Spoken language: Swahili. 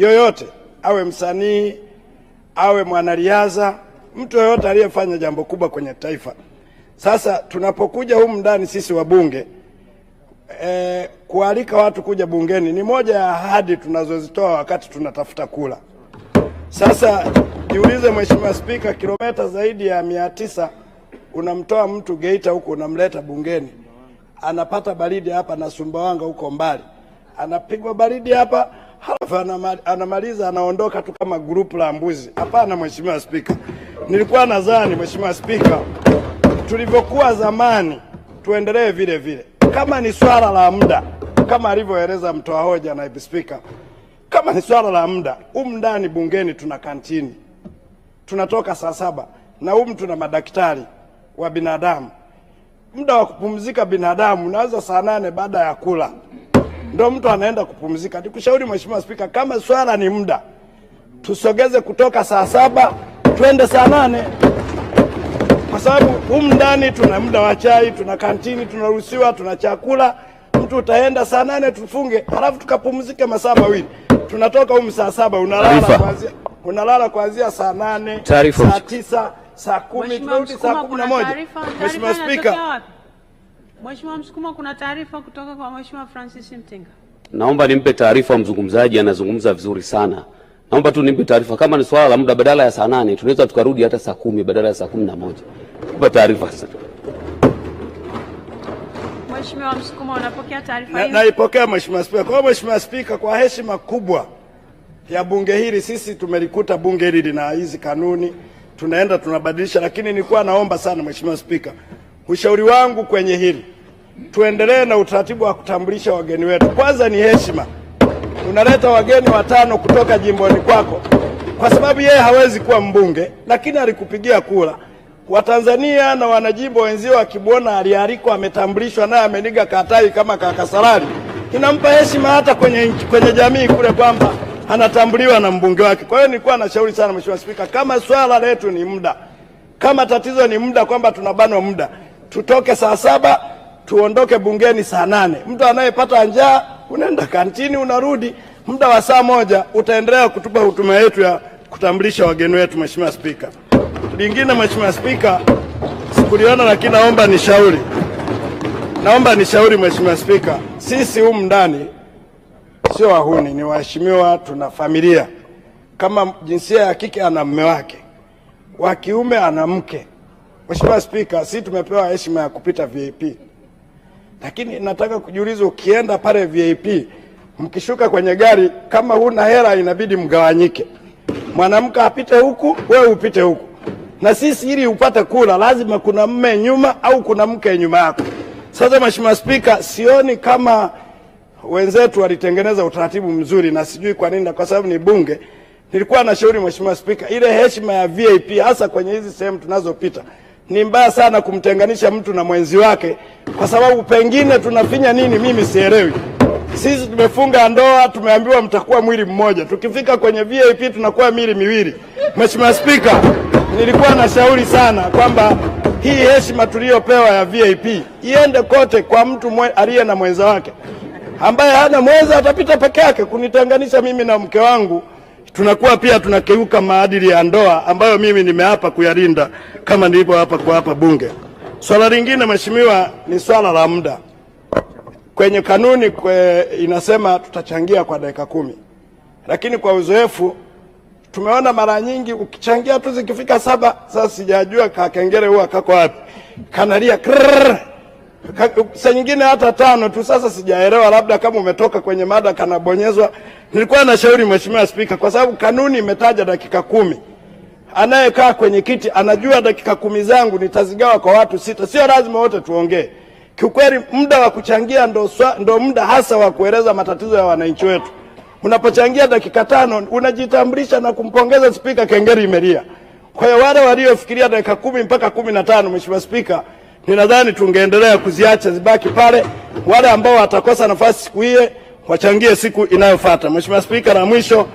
yoyote, awe msanii, awe mwanariadha, mtu yoyote aliyefanya jambo kubwa kwenye taifa. Sasa tunapokuja humu ndani sisi wabunge e, kualika watu kuja bungeni ni moja ya ahadi tunazozitoa wakati tunatafuta kula. Sasa jiulize, Mheshimiwa Spika, kilomita zaidi ya mia tisa unamtoa mtu Geita huko unamleta bungeni, anapata baridi hapa na Sumbawanga huko mbali, anapigwa baridi hapa halafu anamaliza anaondoka tu kama grupu la mbuzi. Hapana, Mheshimiwa Spika, nilikuwa nadhani Mheshimiwa Spika, tulivyokuwa zamani tuendelee vile vile. Kama ni swala la muda kama alivyoeleza mtoa hoja, naibu spika, kama ni swala la muda, humu ndani bungeni tuna kantini, tunatoka saa saba na humu tuna madaktari wa binadamu. Muda wa kupumzika binadamu unaweza saa nane baada ya kula ndo mtu anaenda kupumzika. Nikushauri Mheshimiwa Spika, kama swala ni muda, tusogeze kutoka saa saba twende saa nane kwa sababu humu ndani tuna muda wa chai, tuna kantini, tunaruhusiwa, tuna chakula. Mtu utaenda saa nane tufunge, halafu tukapumzike masaa mawili. Tunatoka humu saa saba unalala kuanzia unalala kuanzia saa nane saa tisa saa kumi tunarudi saa kumi na moja. Mheshimiwa Spika, Mheshimiwa Msukuma, kuna taarifa kutoka kwa Mheshimiwa Francis Mtinga. Naomba nimpe taarifa mzungumzaji, anazungumza vizuri sana. Naomba tu nimpe taarifa, kama ni swala la muda, badala ya saa nane tunaweza tukarudi hata saa kumi badala ya saa kumi na moja kupa taarifa sasa. Mheshimiwa Msukuma, unapokea taarifa hiyo? Naipokea Mheshimiwa Spika. Kwa Mheshimiwa Spika, kwa heshima kubwa ya bunge hili, sisi tumelikuta bunge hili lina hizi kanuni, tunaenda tunabadilisha, lakini nilikuwa naomba sana Mheshimiwa Spika Ushauri wangu kwenye hili, tuendelee na utaratibu wa kutambulisha wageni wetu. Kwanza ni heshima. Unaleta wageni watano kutoka jimboni kwako, kwa sababu yeye hawezi kuwa mbunge, lakini alikupigia kura. Watanzania na wanajimbo wenzio wakimwona alialikwa, ametambulishwa, naye ameniga katai kama kakasarali inampa heshima hata kwenye, kwenye jamii kule kwamba anatambuliwa na mbunge wake. Kwa hiyo nilikuwa nashauri sana Mheshimiwa Spika, kama swala letu ni muda, kama tatizo ni muda, kwamba tunabanwa muda tutoke saa saba tuondoke bungeni saa nane. Mtu anayepata njaa unaenda kantini unarudi, muda wa saa moja utaendelea kutupa hutuma yetu ya kutambulisha wageni wetu. Mheshimiwa Spika, lingine Mheshimiwa Spika, sikuliona lakini naomba nishauri, naomba nishauri Mheshimiwa Spika, sisi humu ndani sio wahuni, ni waheshimiwa, tuna familia. Kama jinsia ya kike ana mme wake, wa kiume ana mke. Mheshimiwa Spika, si tumepewa heshima ya kupita VIP, lakini nataka kujiuliza, ukienda pale VIP, mkishuka kwenye gari, kama huna hela inabidi mgawanyike, mwanamke apite huku, wewe upite huku. Na sisi ili upate kula lazima kuna mme nyuma au kuna mke nyuma yako. Sasa Mheshimiwa Spika, sioni kama wenzetu walitengeneza utaratibu mzuri, na sijui kwa nini, kwa sababu ni Bunge. Nilikuwa nashauri Mheshimiwa Spika, ile heshima ya VIP hasa kwenye hizi sehemu tunazopita ni mbaya sana kumtenganisha mtu na mwenzi wake, kwa sababu pengine tunafinya nini, mimi sielewi. Sisi tumefunga ndoa, tumeambiwa mtakuwa mwili mmoja, tukifika kwenye VIP tunakuwa mili miwili. Mheshimiwa Spika, nilikuwa na shauri sana kwamba hii heshima tuliyopewa ya VIP iende kote kwa mtu aliye na mwenza wake, ambaye hana mwenza atapita peke yake kunitenganisha mimi na mke wangu tunakuwa pia tunakeuka maadili ya ndoa ambayo mimi nimeapa kuyalinda kama nilivyoapa kuapa Bunge. Swala lingine mheshimiwa, ni swala la muda. Kwenye kanuni kwe inasema tutachangia kwa dakika kumi, lakini kwa uzoefu tumeona mara nyingi ukichangia tu zikifika saba. Sasa sijajua kakengele huwa kako wapi, kanalia krrr saa nyingine hata tano tu. Sasa sijaelewa, labda kama umetoka kwenye mada kanabonyezwa. Nilikuwa nashauri Mheshimiwa Spika, kwa sababu kanuni imetaja dakika kumi anayekaa kwenye kiti anajua dakika kumi zangu nitazigawa kwa watu sita, sio lazima wote tuongee. Kiukweli muda wa kuchangia ndo, ndo muda hasa wa kueleza matatizo ya wananchi wetu. Unapochangia dakika tano unajitambulisha na kumpongeza spika, kengeri imelia. Kwa hiyo wale waliofikiria dakika kumi mpaka kumi na tano, Mheshimiwa Spika Ninadhani tungeendelea kuziacha zibaki pale. Wale ambao watakosa nafasi siku hiye wachangie siku inayofuata. Mheshimiwa Spika, na mwisho